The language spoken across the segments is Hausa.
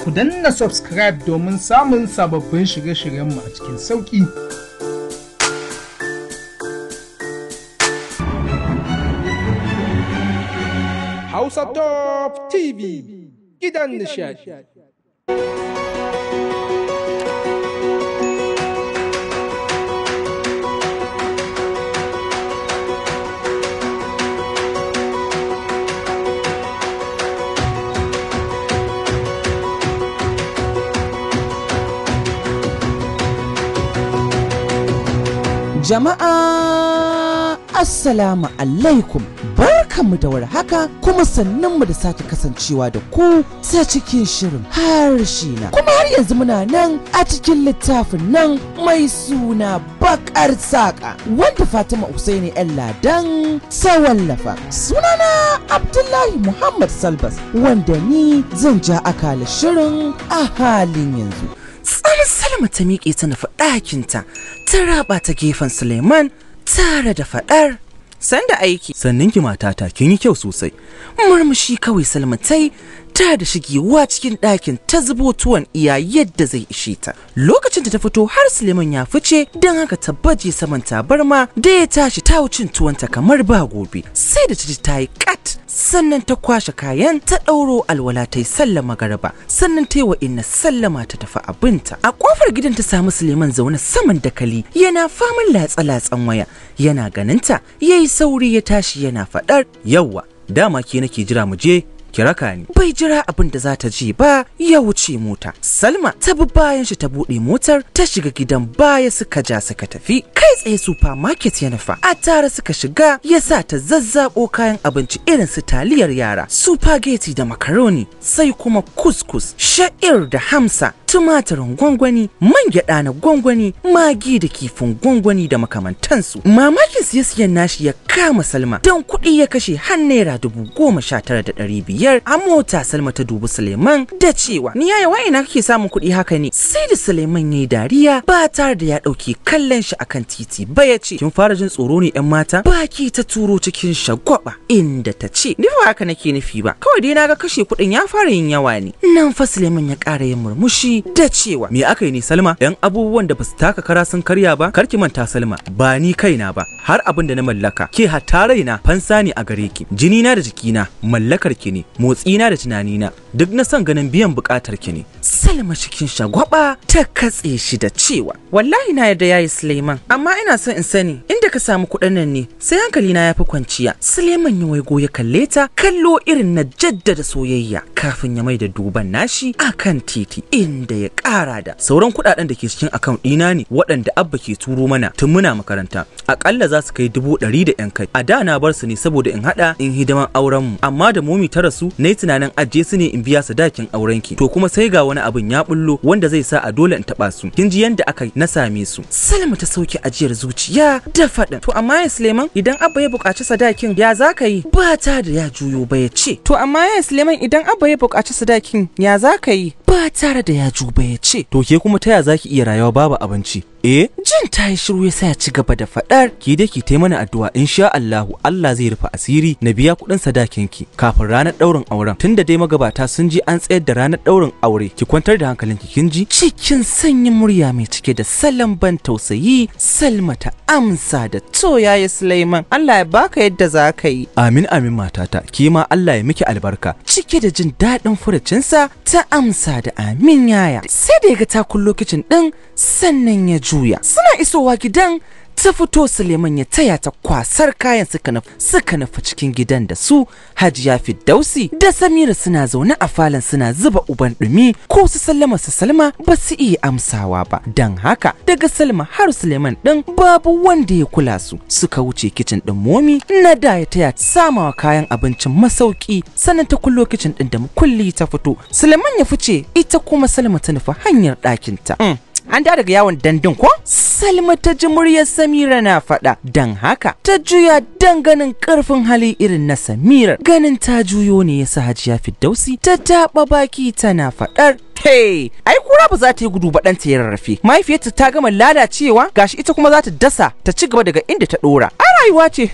ku danna subscribe domin samun sababbin shirye-shiryenmu a cikin sauƙi. Hausa Top TV gidan nishadi. Jama'a Assalamu alaikum barkanmu da haka kuma mu da sake kasancewa da ku ta cikin shirin harshe na kuma har yanzu muna nan a cikin littafin nan mai suna bakar saƙa wanda Fatima Usaini yan ladan ta wallafa sunana Abdullahi Muhammad Salbas wanda ni zan ja akala shirin a halin yanzu sai Salma ta miƙe ta nufi ɗakinta, ta raba ta gefen Suleiman tare da faɗar. Sanda aiki. Sannan ki matata kin yi kyau sosai. Murmushi kawai Salma ta yi ta da shigewa cikin ɗakin ta zubo tuwon iya yadda zai ishe ta lokacin da ta fito har suleiman ya fice don haka ta saman tabarma da ya tashi ta wucin ta kamar ba gobe sai da ta ta yi kat sannan ta kwashe kayan ta ɗauro alwala ta yi sallama garba sannan ta yi wa inna sallama ta tafi abinta a kofar gidan ta samu suleiman zaune saman dakali yana faman latsa-latsan waya yana ganinta ya yi sauri ya tashi yana faɗar yawwa dama ke nake jira mu je ki raka ni bai jira abin da za ta ji ba ya wuce mota salma ta bi bayan shi ta buɗe motar ta shiga gidan baya suka ja suka tafi kai tsaye supermarket ya nufa a tare suka shiga ya sa ta zazzabo kayan abinci irin su taliyar yara supageti da makaroni sai kuma kuskus sha'ir da hamsa tumatirin gwangwani man gyaɗa na gwangwani magi da kifin gwangwani da makamantansu mamakin na nashi ya kama salma don kuɗi ya kashe har naira dubu goma sha tara da ɗari biyar a mota salma ta dubi suleiman da cewa ni yaya wa'ina kake samun kuɗi haka ne sai da suleiman ya yi dariya ba tare da ya ɗauki kallon shi akan titi ba ya ce kin fara jin tsoro ne yan mata baki ta turo cikin shagwaba inda ta ce ni ba haka nake nufi ba kawai dai na ga kashe kuɗin ya fara yin yawa ne nan fa suleiman ya ƙara yin murmushi da cewa me aka yi ne Salma dan abubuwan da basu taka kara sun karya ba karki manta Salma ba ni kaina ba har abin da na mallaka ke hatta na. fansa ne a gare ki jini na da jiki na. mallakar ki ne motsi na da tunani na duk na son ganin biyan bukatar ki ne Salma cikin shagwaba ta katse shi da cewa wallahi na yarda yayi Suleiman amma ina son in sani inda ka samu kuɗin nan ne sai hankali na yafi kwanciya Suleiman ya waigo ya kalle ta kallo irin na jaddada soyayya kafin ya maida duban nashi akan titi inda da ya ƙara da sauran kuɗaɗen da ke cikin account ɗina ne waɗanda abba ke turo mana tun muna makaranta ƙalla za su kai dubu ɗari da yan kai a da na bar su ne saboda in haɗa in hidiman auren mu amma da momi ta rasu na yi tunanin ajiye su ne in biya sadakin ki to kuma sai ga wani abin ya bullo wanda zai sa a dole in taba su kin ji yanda aka na same su salma ta sauke ajiyar zuciya da faɗin to amma ya suleiman idan abba ya buƙaci sadakin ya za ka yi ba ta da ya juyo ba ya ce to amma ya suleiman idan abba ya buƙaci sadakin ya za ka yi ba tare da ya Juba ya ce, To ke kuma taya zaki iya rayuwa babu abinci? eh jin ta yi shiru ya sa ya ci gaba da faɗar ki da ki mana addu'a insha Allahu Allah zai rufe asiri na biya kuɗin sadakin ki kafin ranar ɗaurin auren tunda dai magabata sun ji an tsayar da ranar ɗaurin aure ki kwantar da hankalinki kin ji cikin sanyin murya mai cike da salon ban tausayi Salma ta amsa da to yayi Sulaiman Allah ya baka yadda za ka yi amin amin matata ki ma Allah ya miki albarka cike da jin daɗin furucinsa ta amsa da amin yaya sai da ya ga ta kullo ɗin sannan ya ji juya suna isowa gidan ta fito suleiman ya taya ta kwasar kayan suka nafi suka cikin gidan da su hajiya fiddausi da samira suna zaune a falon suna zuba uban dumi ko su sallama su salma ba su iya amsawa ba don haka daga salma har suleiman din babu wanda ya kula su suka wuce kicin din momi na da ya taya samawa kayan abincin masauki sannan ta kullo kicin din da mukulli ta fito suleiman ya fice ita kuma salma ta nufi hanyar ɗakinta. ta. Mm. an da daga yawon dandun ko salma ta ji muryar samira na faɗa don haka ta juya don ganin ƙarfin hali irin na samira ganin ta juyo ne ya sa hajiya firdausi ta taɓa baki tana faɗar Hey, ai kura ba za ta yi gudu ba ɗanta ya rarrafe. Mahaifiyarta ta gama lalacewa gashi ita kuma za ta dasa ta ci gaba daga inda ta dora A rayuwa ce,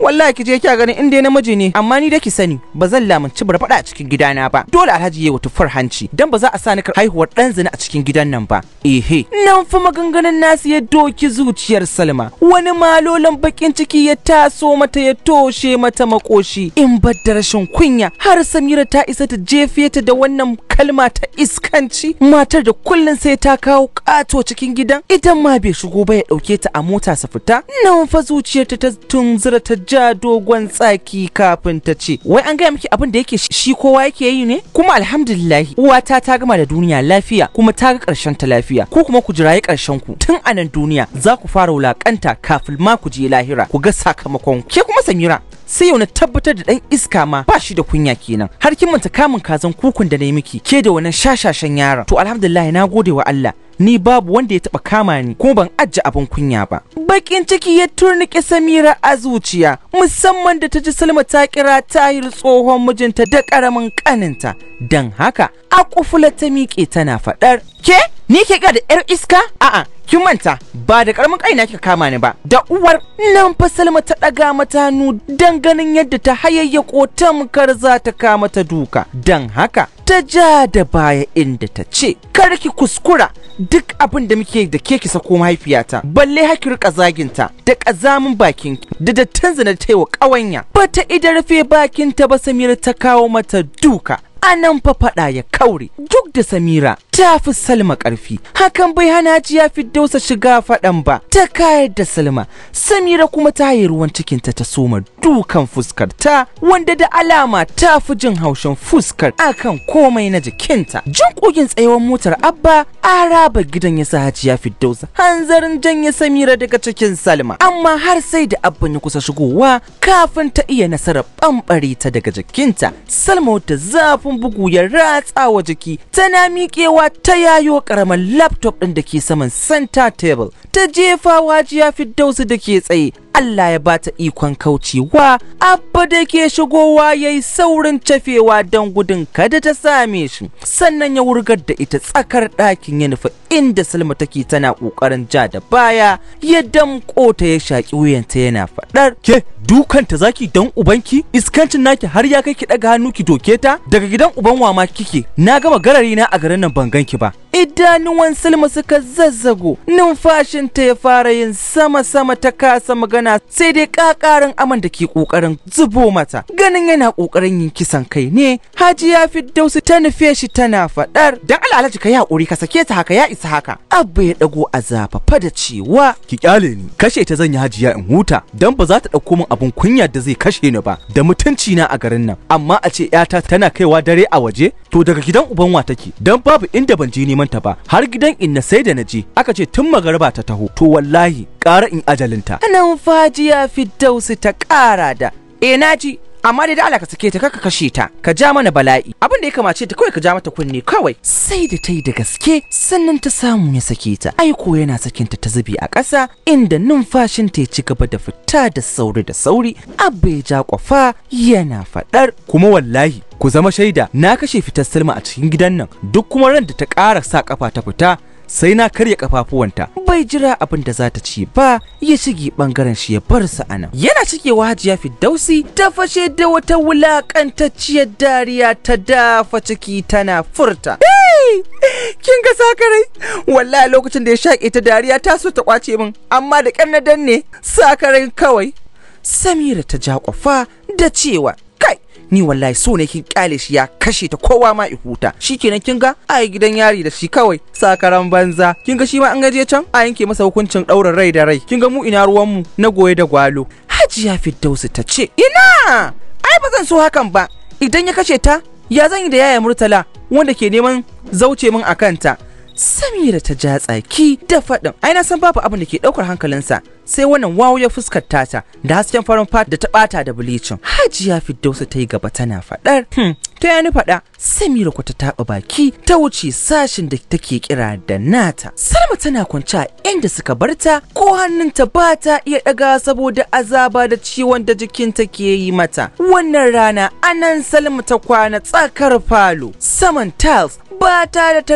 wallahi ki je kya ganin in dai namiji ne, amma ni da ki sani ba zan lamunci bar a cikin gidana ba. Dole Alhaji ya wata farhanci dan ba za a sa ni haihuwar ɗan zina a cikin gidan nan ba. Ehe, nan fa maganganun nasu ya doki zuciyar Salma. Wani malolan bakin ciki ya taso mata ya toshe mata makoshi in bar da rashin kunya har Samira ta isa ta jefe ta da wannan kalma ta iska. kanci matar da kullum sai ta kawo kato cikin gidan idan ma bai shigo ba ya ɗauke ta a mota sa fita nan fa zuciyarta ta tunzura ta ja dogon tsaki kafin ta ce wai an gaya miki abin da yake shi kowa yake yi ne kuma alhamdulillahi uwata ta gama da duniya lafiya kuma ta ga ƙarshen ta lafiya ko kuma ku jirayi karshen ku tun anan duniya za ku fara wulakanta kafin ma ku je lahira ku ga sakamakon ke kuma samira sai yau na tabbatar da dan iska ma ba shi da kunya kenan har kin manta kamun kazan kukun da na yi miki ke da wannan shashashan yaron to alhamdulillah na gode wa Allah ni babu wanda ya taba kama ni kuma ban ajje abun kunya ba bakin ciki ya turnike Samira a zuciya musamman da ta ji Salma ta kira Tahir tsohon mijinta da karamin kaninta dan haka a kufula ta miƙe tana faɗar ke ni ke ga da yar iska a'a kin manta ba da karamin kaina kika kama ni ba da uwar nan fa Salma ta daga mata nu dan ganin yadda ta hayayyako tamkar za ta kama ta duka dan haka ta ja da baya inda ta ce kar ki kuskura duk abin da muke da ke ki sako mahaifiyata balle haki rika zaginta da kazamin bakin da dattan zina ta yi wa kawanya ba ta ida rufe bakin ta ba Samira ta kawo mata duka anan fa fada ya kaure duk da Samira ta Salma ƙarfi. Hakan bai hana Hajiya dausa shiga faɗan ba, ta kayar da Salma. Samira kuma ta yi ruwan cikinta ta soma dukan fuskar ta wanda da alama ta fi jin haushin fuskar akan komai na jikinta. Jin kugin tsayawar motar Abba araba gidan ya sa Hajiya Firdausa hanzarin janye Samira daga cikin Salma. Amma har sai da Abba ya kusa shigowa kafin ta iya nasarar ɓamɓare ta daga jikinta. Salma wata zafin bugu ya ratsa wa jiki tana miƙewa ta yayo karamar laptop ɗin da ke saman center table ta jefa wajiya Firdausu da ke tsaye Allah ya bata ikon kaucewa abba da ke shigowa ya yi saurin cafewa don gudun kada ta same shi sannan ya wurgar da ita tsakar ɗakin ya nufa inda salma take tana ƙoƙarin ja da baya ya damƙo ta ya shaƙi wuyanta yana faɗar ke dukanta zaki dan ubanki iskancin naki har ya kai ki ɗaga hannu ki doke ta daga gidan uban wama kike na gama garari na a garin nan ban ganki ba idanuwan salma suka zazzago numfashinta ya fara yin sama sama ta kasa magana magana sai dai kakarin aman da ke kokarin zubo mata ganin yana kokarin yin kisan kai ne Haji ya fi Fiddausi ta nufe shi tana faɗar dan alhaji ka yi hakuri, ka sake ta haka ya isa haka abba ya ɗago a zafafa da cewa ki kyale ni kashe ta zan yi hajiya in huta dan ba za ta ɗauko min abun kunya da zai kashe ni ba da mutunci na a garin nan amma a ce 'yata tana kaiwa dare a waje to daga gidan uban take dan babu inda ban je neman ta ba har gidan inna sai da naje aka ce tun magarba ta taho to wallahi ƙara in ajalinta anan fajiya fiddausu ta ƙara da eh naji amma dai da Allah ka sake ta kaka kashe ta ka ja mana bala'i abin da ya kamace ta kawai ka ja mata kunne kawai sai da ta da gaske sannan ta samu ya sake ta aiko yana sakinta ta zubi a ƙasa inda numfashin ta ya ci gaba da fita da sauri da sauri abba ya ja kwafa yana faɗar kuma wallahi ku zama shaida na kashe fitar Salma a cikin gidan nan duk kuma ran da ta ƙara sa kafa ta fita sai na karya kafafuwanta bai jira abin da za ta ci ba ya shige bangaren shi ya bar sa anan yana cikewa hajiya firdausi ta fashe da wata wulakantacciyar dariya ta dafa ciki tana furta kin ga sakarai wallahi lokacin da ya shaƙe ta dariya ta so ta kwace min amma da ƙyar na danne sakarai kawai samira ta ja da cewa ni wallahi so ne kin kyale shi ya kashe ta kowa ma ihuta shikenan kin ga ai gidan yari da shi kawai sakaran banza kin ga shi ma an gaje can a yanke masa hukuncin ɗaurin rai da rai kin ga mu ina ruwan mu na goye da gwalo hajiya firdausu ta ce ina ai ba zan so hakan ba idan ya kashe ta ya zan yi da yaya murtala wanda ke neman zauce min a kanta Samira ta ja tsaki da faɗin ai na san babu abin da ke ɗaukar hankalinsa sai wannan wawo ya fuskar tata da hasken farin fata da ta bata da bilicin. Hajiya fiddausa ta yi gaba tana faɗar. Hmm. To ya ni faɗa Samira ku ta taɓa baki ta wuce sashin da take kira da nata. Salma tana kwance a inda suka barta ko hannunta ba ta iya ɗaga saboda azaba da ciwon da jikinta ke yi mata. Wannan rana anan Salma ta kwana tsakar falo saman tiles ba ta da ta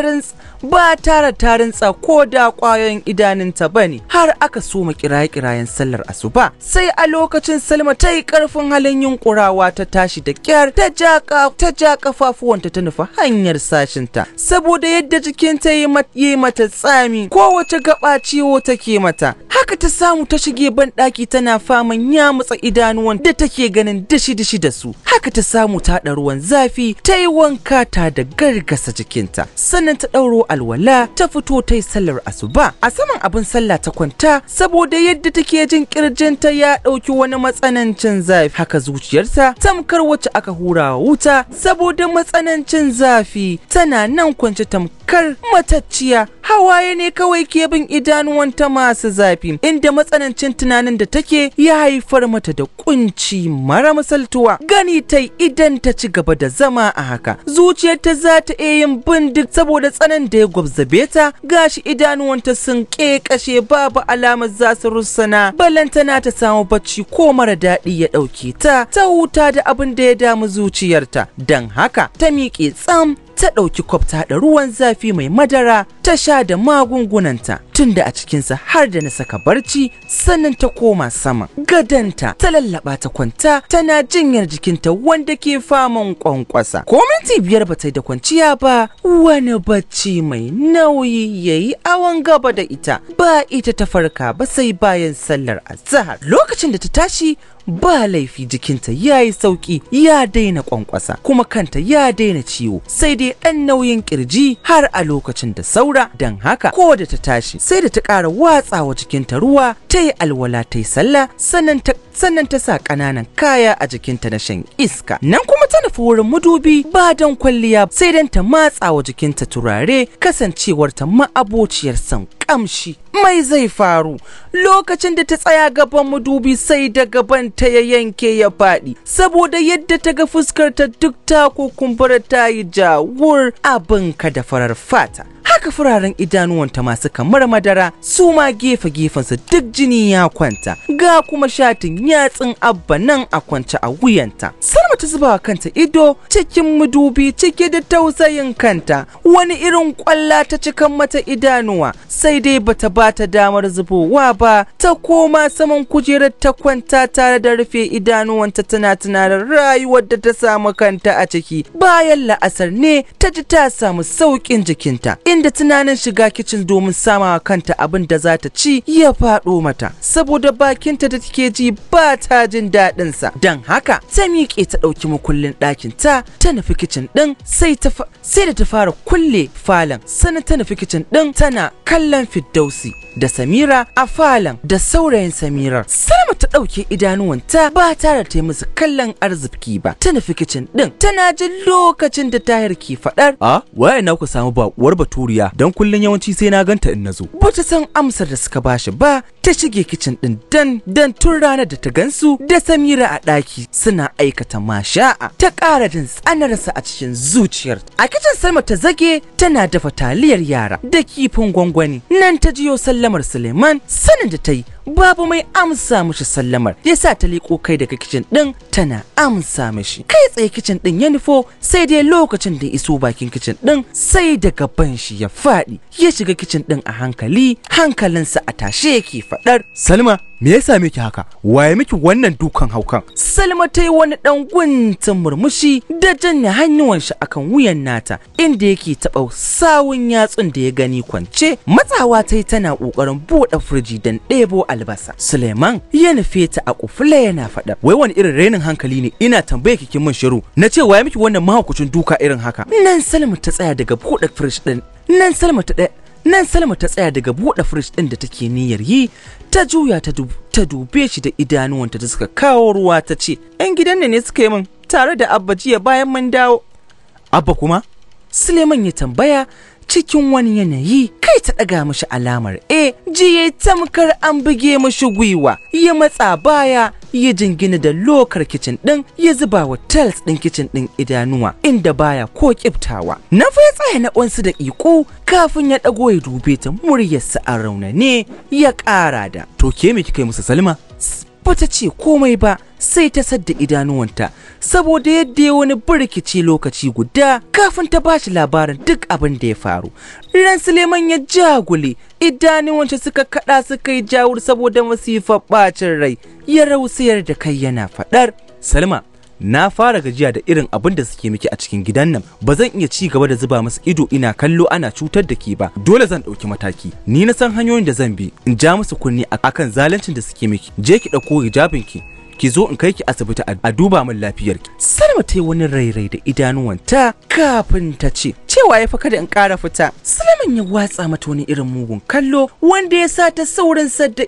ba tara tarin ko da ƙwayoyin idanunta ba ne har aka soma kiraye-kirayen sallar asuba sai a lokacin salma ta yi ƙarfin halin yunƙurawa ta tashi da kyar ta ja ta ja kafafuwanta ta nufa hanyar sashinta saboda yadda jikinta yi mata tsami kowace gaba ciwo take mata haka ta samu ta shige ban ɗaki tana faman ya matsa idanuwan da take ganin dishi-dishi da su haka ta samu ta ruwan zafi ta yi wanka ta da gargasa jikinta sannan ta ɗauro alwala ta fito ta yi sallar asuba a saman abin sallah ta kwanta saboda yadda take jin kirjinta ya ɗauki wani matsanancin zafi haka zuciyarta tamkar wacce aka hura wuta saboda matsanancin zafi tana nan kwance tamkar matacciya hawaye ne kawai ke bin idanuwanta masu zafi inda matsanancin tunanin da take ya haifar mata da kunci mara misaltuwa gani ta idan ta ci gaba da zama a haka zuciyarta za ta iya yin bindik saboda tsanan da ya gwabzabe ta gashi idanuwanta sun kashe babu alamar za su balantana ta samu bacci ko mara daɗi ya ɗauke ta ta huta da abin da ya damu zuciyarta don haka ta miƙe tsam ta ɗauki kwafta da ruwan zafi mai madara ta sha da magungunanta da a cikinsa har da na saka barci sannan ta koma sama gadanta ta lallaba ta kwanta tana jinyar jikinta wanda ke faman kwankwasa ko minti biyar ba ta da kwanciya ba wani bacci mai nauyi ya yi awon gaba da ita ba ita ta farka ba sai bayan sallar azahar lokacin da ta tashi ba laifi jikinta ya yi sauki ya daina kwankwasa kuma kanta ya daina ciwo sai dai ɗan nauyin kirji har a lokacin da saura don haka ko da ta tashi sai da ta ƙara watsawa jikinta ruwa ta yi alwala ta yi sallah sannan ta sa ƙananan kaya a jikinta na shan iska nan kuma ta nufi wurin madubi ba don kwalliya sai don ta matsawa jikinta turare kasancewar ta ma'abociyar san kamshi mai zai faru lokacin da ta tsaya gaban madubi sai da gaban ta ya yanke ya faɗi saboda yadda ta ga fuskar ta duk ta ko kumbura ta yi jawur abin ka da farar fata haka furaren idanuwanta masu kamar madara su ma gefe-gefensa duk jini ya kwanta ga kuma shatin yatsun abba nan a kwance a wuyanta salma ta zuba kanta ido cikin madubi cike da tausayin kanta wani irin kwalla ta cikan mata idanuwa sai dai bata bata damar zubowa ba ta koma saman kujerar ta kwanta tare da rufe idanuwanta tana tunanin rayuwar da ta samu kanta a ciki bayan la'asar ne ta ji ta samu sauƙin jikinta inda tunanin shiga kicin domin sama kanta abin da za ta ci ya faɗo mata saboda bakinta da take ji ba ta jin daɗin sa don haka ta miƙe ta ɗauki makullin ɗakin ta ta nufi kicin ɗin sai ta sai da ta fara kulle falon sannan ta nufi kicin ɗin tana kallon fiddausi da Samira a falon da saurayin Samirar. Salma ta ɗauke idanuwanta ba tare ta yi musu kallon arziki ba. Ta nufi kicin ɗin tana jin lokacin da tahir ke faɗar. A ah, waye na ku samu baƙuwar baturiya don kullun yawanci sai na ganta in nazo bata san amsar da suka bashi ba ta shige kicin din dan dan tun ranar da ta gansu da Samira a ɗaki suna aikata masha'a ta ƙara jin tsanarsa a cikin zuciyar a kicin Salma ta zage tana dafa taliyar yara da kifin gwangwani nan ta jiyo sallamar Suleiman sanin da ta yi babu mai amsa mishi sallamar ya sa ta liko kai daga kicin ɗin tana amsa mishi kai tsaye kicin ɗin ya nufo sai dai lokacin da iso bakin kicin ɗin sai daga ban shi ya faɗi ya shiga kicin ɗin a hankali hankalinsa a tashe yake faɗar salma me ya same ki haka waye miki wannan dukan haukan salma ta yi wani ɗan guntun murmushi da janye hannuwan shi akan wuyan nata inda yake taɓa sawun yatsun da ya gani kwance matsawa ta yi tana ƙoƙarin buɗe firji don ɗebo albasa suleiman ya nufe ta a kufula yana faɗa wai wani irin rainin hankali ne ina tambaye kikin min shiru na ce waye miki wannan mahaukacin duka irin haka nan salma ta tsaya daga buɗe firish ɗin nan salma ta ɗaya nan salma ta tsaya daga buɗe firish ɗin da take niyyar yi ta juya ta dube shi da idanuwanta da suka kawo ruwa ta ce 'yan gidan ne suka yi min tare da abba jiya bayan mun dawo abba kuma suleiman ya tambaya cikin wani yanayi kai ta ɗaga mashi alamar e jiye tamkar an buge mashi gwiwa ya matsa baya ya jingina da lokar kicin ɗin ya zuba wa tiles ɗin kicin ɗin idanuwa inda baya ko ƙibtawa. na fa ya na ƙwansu da iko kafin ya ɗago ya dube ta muryarsa a raunane ya ƙara da to ke me kika yi musu salma ba ta ce komai ba sai ta sadda idanuwanta saboda yadda ya wani birkici lokaci guda kafin ta bashi labarin duk abin da ya faru ran suleiman ya jagule idanuwanta suka kada suka yi jawur saboda masifar bacin rai ya rausayar da kai yana faɗar salma na fara gajiya da irin abin da suke miki a cikin gidan nan ba zan iya ci gaba da zuba masu ido ina kallo ana cutar da ke ba dole zan ɗauki mataki ni na san hanyoyin da zan bi in ja musu kunni akan zaluncin da suke miki je ki ɗauko hijabinki ki zo in kai ki asibiti a duba min lafiyar ki salma ta yi wani rairai da idanuwanta kafin ta ce cewa ya fi kada in ƙara fita salman ya watsa mata wani irin mugun kallo wanda ya sa ta saurin sadda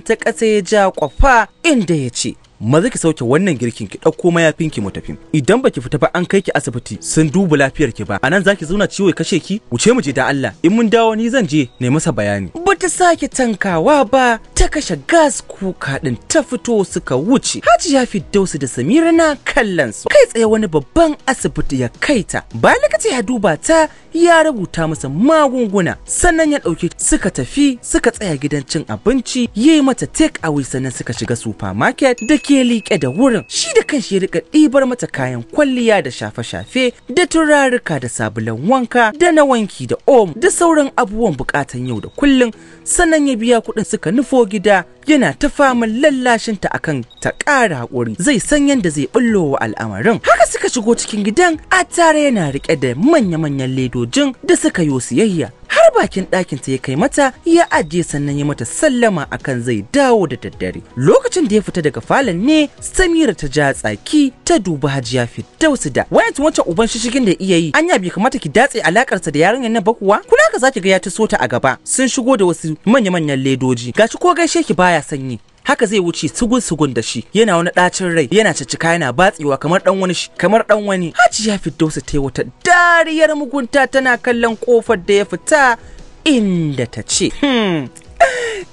ta ƙasa ya ja kwafa inda ya ce maza ki sauke wannan girkin ki ɗauko mayafin ki mu tafi idan baki fita ba an kai ki asibiti sun duba lafiyar ki ba anan zaki zauna ciwo ya kashe ki wuce mu je da Allah in mun dawo ni zan je ne masa bayani bata sake tankawa ba ta kashe gas kuka din ta fito suka wuce Hajiya dausu da Samira na kallon su kai tsaye wani babban asibiti ya kaita Ba lokaci ya duba ta ya rubuta masa magunguna sannan ya ɗauki suka tafi suka tsaya gidan cin abinci yayi mata take away sannan suka shiga supermarket da ke liƙe da wurin shi da kanshi ya rika ɗibar mata kayan kwalliya da shafe-shafe da turaruka da sabulan wanka da na wanki da om da sauran abubuwan bukatan yau da kullum sannan ya biya kuɗin suka nufo gida yana ta lallashin lallashinta akan ta ƙara haƙuri zai san yadda zai ɓullo wa al'amarin haka suka shigo cikin gidan a tare yana riƙe da manya-manyan ledojin da suka yo siyayya har bakin ɗakinta ya kai mata ya ajiye sannan ya mata sallama akan zai dawo da daddare lokacin da ya fita daga falon ne samira ta ja tsaki ta dubi hajiya firdausu da wayan wancan uban shishigin da iya yi anya bai kamata ki datse alakarsa da yarinyar na bakuwa? kuwa ka zaki ga ya ta so a gaba sun shigo da wasu manya-manyan ledoji gashi ko gaishe ki baya sanyi haka zai wuce sugun sugun da shi yana wani ɗacin rai yana cicika yana batsewa kamar dan wani shi kamar dan wani hajiya fiddosa ta yi wata dariyar mugunta tana kallon kofar da ya fita inda ta ce hmm,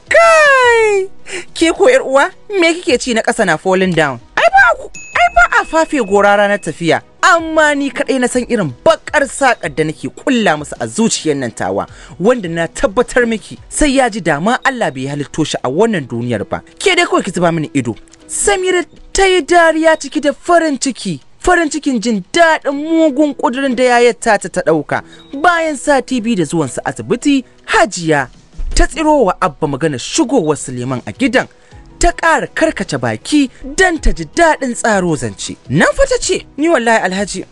kai ke ko yar uwa me kike ci na ƙasa na falling down ai ba a fafe gora ranar tafiya amma ni kaɗai na san irin bakar saƙar da nake kulla masa a zuciyar nan tawa wanda na tabbatar miki sai ya ji dama Allah bai halitto shi a wannan duniyar ba ke dai kawai ki zuba mini ido Samira ta yi dariya ciki da farin ciki farin cikin jin daɗin mugun ƙudurin da yayar ta ta ɗauka bayan sati biyu da zuwansa asibiti hajiya ta tsirowa abba magana shigowar suleiman a gidan ta ƙara karkace baki don ta ji daɗin tsaro zance nan fa ta ce ni wallahi alhaji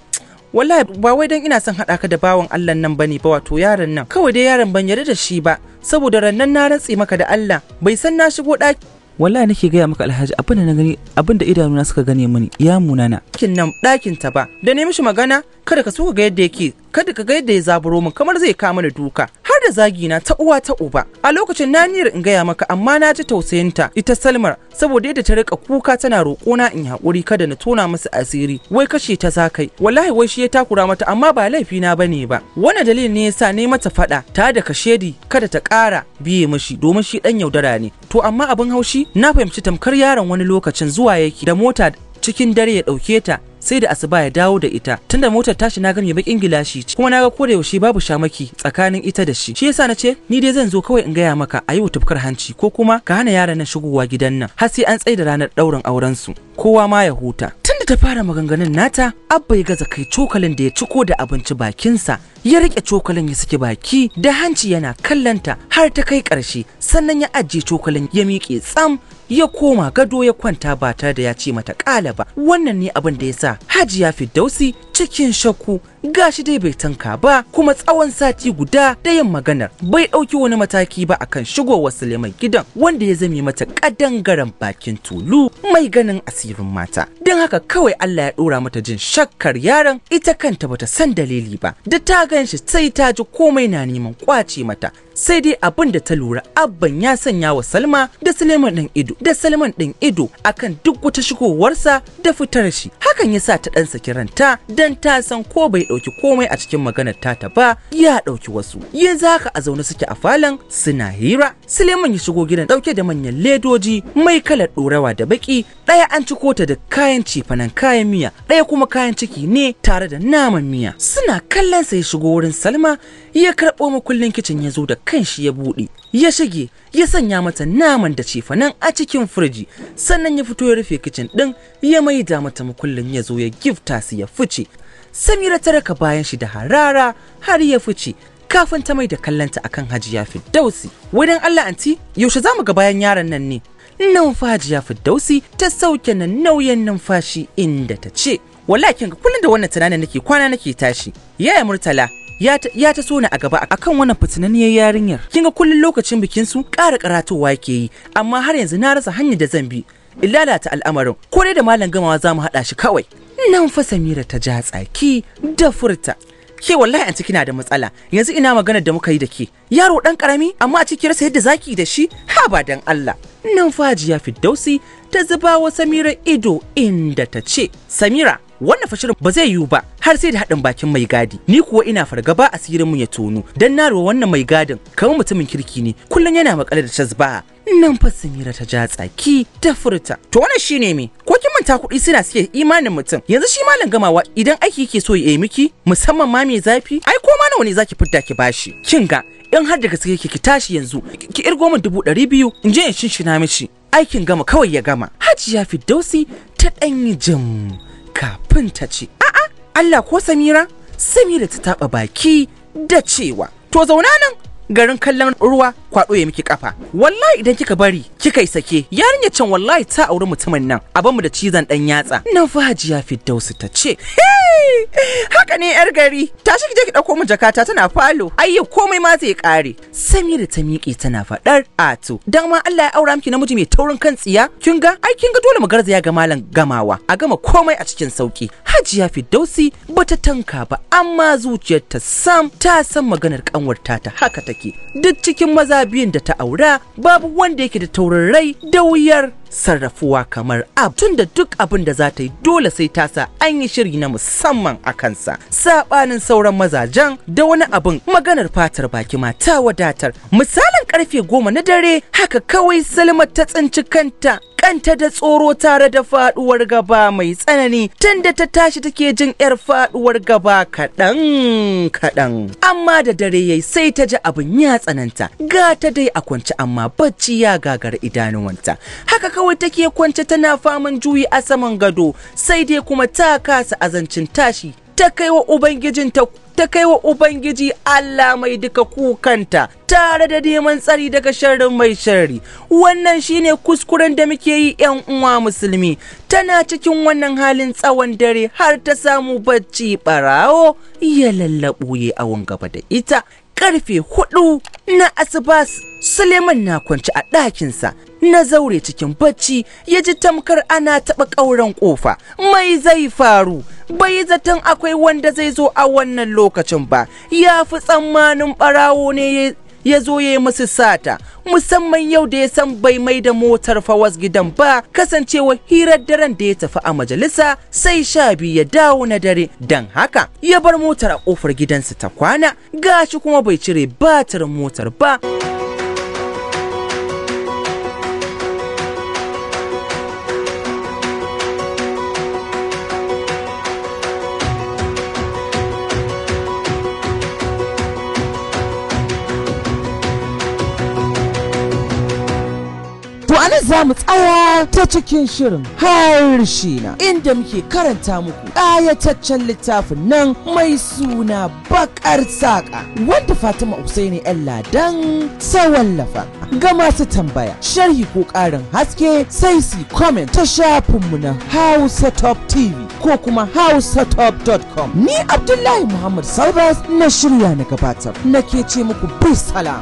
wallahi ba wai dan ina son haɗa ka da bawan Allah nan bane ba wato yaron nan kawai dai yaron ban yarda da shi ba saboda rannan na rantse maka da Allah bai san na shigo ɗaki wallahi nake gaya maka alhaji abin da na gani abin da idanuna suka gane mini ya munana kin nan ɗakin ta ba da ne mishi magana kada ka so ka ga yadda yake kada ka ga yadda ya zaburo min kamar zai kama da duka har da zagina ta uwa ta uba a lokacin na niyar in gaya maka amma na ji tausayinta ita salmar saboda yadda ta rika kuka tana roƙona in haƙuri kada na tona masa asiri wai kashe ta zakai wallahi wai shi ya takura mata amma ba laifi na bane ba wannan dalilin ne yasa ne mata faɗa ta da kashedi kada ta ƙara biye mashi domin shi ɗan yaudara ne to amma abin haushi na fahimci tamkar yaron wani lokacin zuwa yake da mota cikin dare ya ɗauke ta sai da asuba ya dawo da ita tunda motar tashi na gani bakin gilashi kuma naga ko da yaushe babu shamaki tsakanin ita da shi shi yasa na ce ni dai zan zo kawai in gaya maka a yi wa tufkar hanci ko kuma ka hana yaran nan shigowa gidan nan har sai an da ranar ɗaurin auren su kowa ma ya huta tunda ta fara maganganun nata abba ya gaza kai cokalin da ya ciko da abinci bakinsa ya rike cokalin ya saki baki da hanci yana kallanta har ta kai ƙarshe sannan ya ajiye cokalin ya miƙe tsam ya koma gado ya kwanta ba tare da ya ce mata ƙala ba wannan ne abin da ya sa hajiya firdausi cikin shakku gashi dai bai tanka ba kuma tsawon sati guda da yin maganar bai ɗauki wani mataki ba akan shigowar Suleiman gidan wanda ya zame mata ƙadangaren bakin tulu mai ganin asirin mata don haka kawai Allah ya ɗora mata jin shakkar yaron ita kanta bata san dalili ba da ta ganshi sai ta ji komai na neman ƙwace mata sai dai abin da ta lura abban ya sanya wa salma da suleiman ɗan ido da salman ɗan ido akan duk wata shigowarsa da fitar shi hakan ya sa ta ɗan saki ranta don ta san ko bai ɗauki komai a cikin maganar ta ba ya ɗauki wasu yanzu haka a zaune suke a falon suna hira suleiman ya shigo gidan ɗauke da manyan ledoji mai kalar ɗorawa da baki ɗaya an ciko ta da kayan cefanen kayan miya ɗaya kuma kayan ciki ne tare da naman miya suna kallon sai ya shigo wurin salma ya karɓo makullin kicin ya zo da kanshi ya buɗe ya shige ya sanya mata naman da cefanen a cikin firji sannan ya fito ya rufe kicin ɗin ya mai da mata makullin ya zo ya gifta su ya fice samira ta raka bayan shi da harara har ya fice kafin ta mai da kallanta akan hajiya firdausi wadan allah anti yaushe za mu ga bayan yaron nan ne numfajiya firdausi ta sauke na nauyin numfashi inda ta ce wallahi kin kullum da wannan tunanin nake kwana nake tashi yaya murtala ya ta so ni a gaba akan wannan fitinanniyar yarinyar kin ga kullun lokacin bikin su ƙara karatuwa ke yi amma har yanzu na rasa hanyar da zan bi illala ta al'amarin ko dai da malam gamawa za mu haɗa shi kawai nan fa samira ta ja tsaki da furta ke wallahi anti kina da matsala yanzu ina magana da muka yi da ke yaro dan karami amma a cikin rasa yadda zaki da shi ha ba dan Allah nan fa fajiya Fiddausi ta zuba wa Samira ido inda ta ce Samira wannan fashirin ba zai yiwu ba har sai da haɗin bakin mai gadi ni kuwa ina fargaba asirin mu ya tono dan na wannan mai gadin kamar mutumin kirki ne kullum yana makale da tazba nan fa Samira ta ja tsaki ta furta. To wannan shine me? Ko kin manta kuɗi suna suke imanin mutum. Yanzu shi malam gamawa idan aiki yake so ya yi miki musamman ma mai zafi ai ko ma nawa ne zaki fidda ki bashi. Kin ga in har da gaske ki tashi yanzu ki irgo min dubu ɗari biyu in je in shinshina mishi. Aikin gama kawai ya gama. Hajiya dausi ta ɗanyi jim. kafin ta ce a'a Allah ko Samira Samira ta taɓa baki da cewa to zauna nan garin kallon ruwa kwaɗo ya miki kafa wallahi idan kika bari kika yi sake yarinya can wallahi ta auri mutumin nan a da cizon ɗan yatsa na fa hajiya Firdausu ta ce hey! haka ne yar gari tashi ki je ki dauko mu jakata tana falo ayyo komai ma zai kare samira ta miƙe tana faɗar ato dan ma Allah ya aura miki namiji mai taurin kan tsiya kin ga ai kin ga dole mu garzaya ga malam gamawa a gama komai a cikin sauki hajiya fidausi bata tanka ba amma zuciyar ta sam ta san maganar kanwarta ta haka take duk cikin maza biyun da ta aura babu wanda yake da taurin rai da wuyar sarrafuwa kamar tun tunda duk abin da za ta yi dole sai ta sa an yi shiri na musamman a kansa Saɓanin sauran mazajen da wani abin maganar fatar baki ma ta wadatar misalin karfe goma na dare haka kawai salma ta tsinci kanta kanta da tsoro tare da faduwar gaba mai tsanani tunda ta tashi take jin yar faduwar gaba kaɗan kaɗan amma da dare yayi sai ta ji abin ya tsananta ga ta dai a kwanci amma bacci ya gagar idanuwanta haka kawai take kwance tana faman juyi a saman gado sai dai kuma ta kasa azancin tashi ta kaiwa ubangijin ta ta kai wa Ubangiji Allah mai duka kukanta tare da neman tsari daga sharrin mai sharri. Wannan shine kuskuren da muke yi ‘yan uwa musulmi, tana cikin wannan halin tsawon dare har ta samu bacci ɓarawo ya lallaɓo ya awon gaba da ita. Karfe hudu na asibas Suleiman na kwanci a ɗakinsa na zaure cikin bacci ya ji tamkar ana taɓa ƙauren ƙofa mai zai faru bai zaton akwai wanda zai zo a wannan lokacin ba ya fi tsammanin ɓarawo ne ya zo ya yi musu sata musamman yau da ya san bai mai da motar fawas gidan ba kasancewa hirar daren da ya tafi a majalisa sai sha biyu ya dawo na dare don haka ya bar motar a ƙofar gidansu ta kwana gashi kuma bai cire batir motar ba. mu tsaya ta cikin shirin harshe na inda muke karanta muku ƙayataccen littafin nan mai suna bakar saƙa wanda Fatima Usaini ‘yan ladan ta wallafa. Ga masu tambaya, sharhi ko ƙarin haske sai su comment ta shafinmu na Hausa Top TV ko kuma dot com Ni Abdullahi Muhammad Salbas na shirya na gabatar, nake ce muku bisalam.